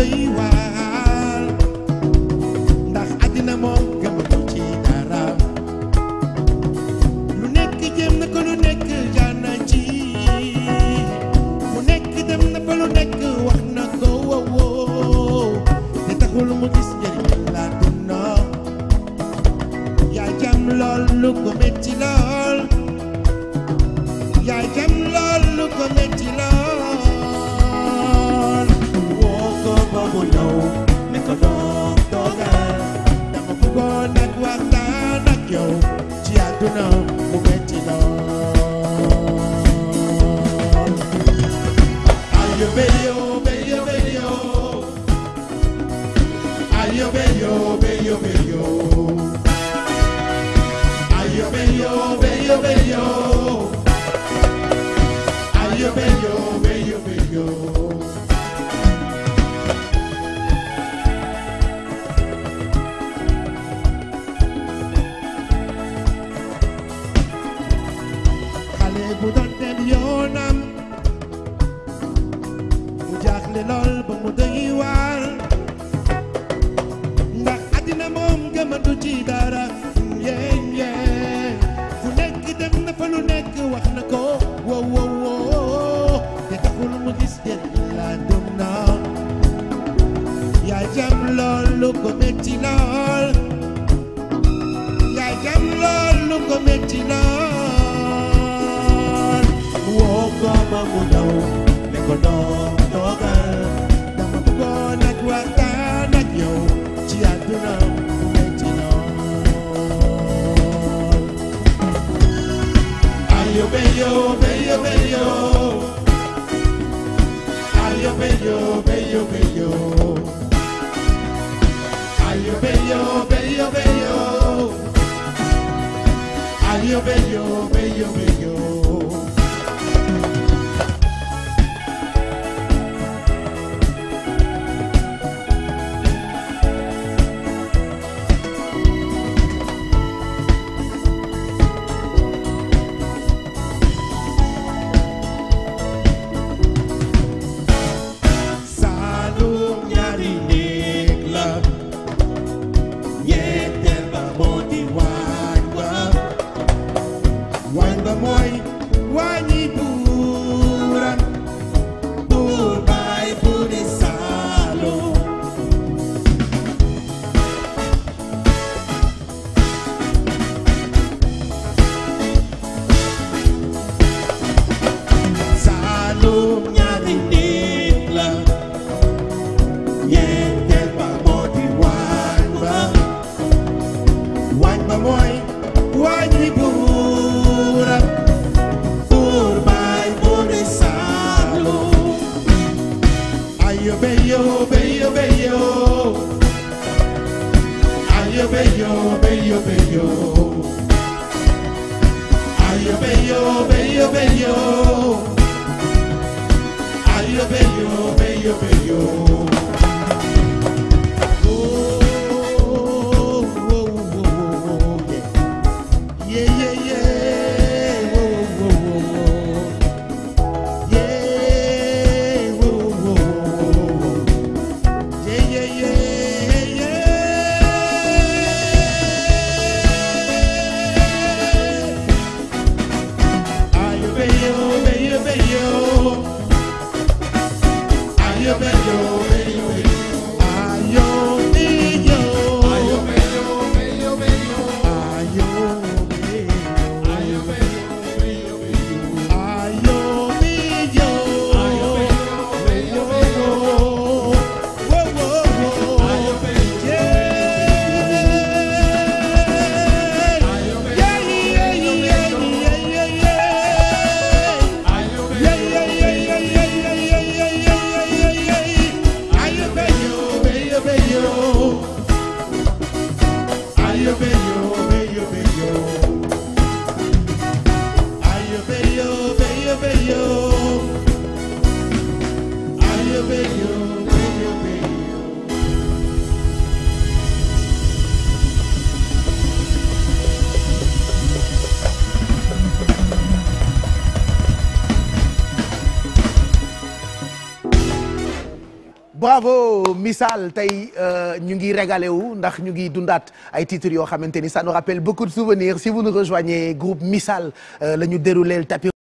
day waar ndax àddina moom gëmatu ci dara lu nekk jéem na ko nekk jaar na ci lu nekk dem na fa nekk wax na ko wowoo taxul mu gis njëriñ la dund yaa jam lool lu de lool ba mu doy waar ndax àddina moom gëmatu ci dara yéen yéen fu nekk dem na fa nekk wax na ko wow wow taxul mu gis jënd laa dum yaa jam lool lu ko metti lool yaa jam lool lu ko metti bello, bello, bello. Aglio bello, bello, bello. Aglio bello, bello, bello. Aglio bello, bello, bello. bello. Ayo bello, bello, bello. Ayo bello, bello, bello. Oh, oh, oh, oh, yeah. Yeah, yeah, yeah. Dios me dio. bravo Missal tey euh, ñu ngi régalé wu ndax ñu ngi dundaat ay titres yoo xamante ni ça nous rappelle beaucoup de souvenirs si vous nous rejoignez groupe Missal euh, la ñu déroulé le tapis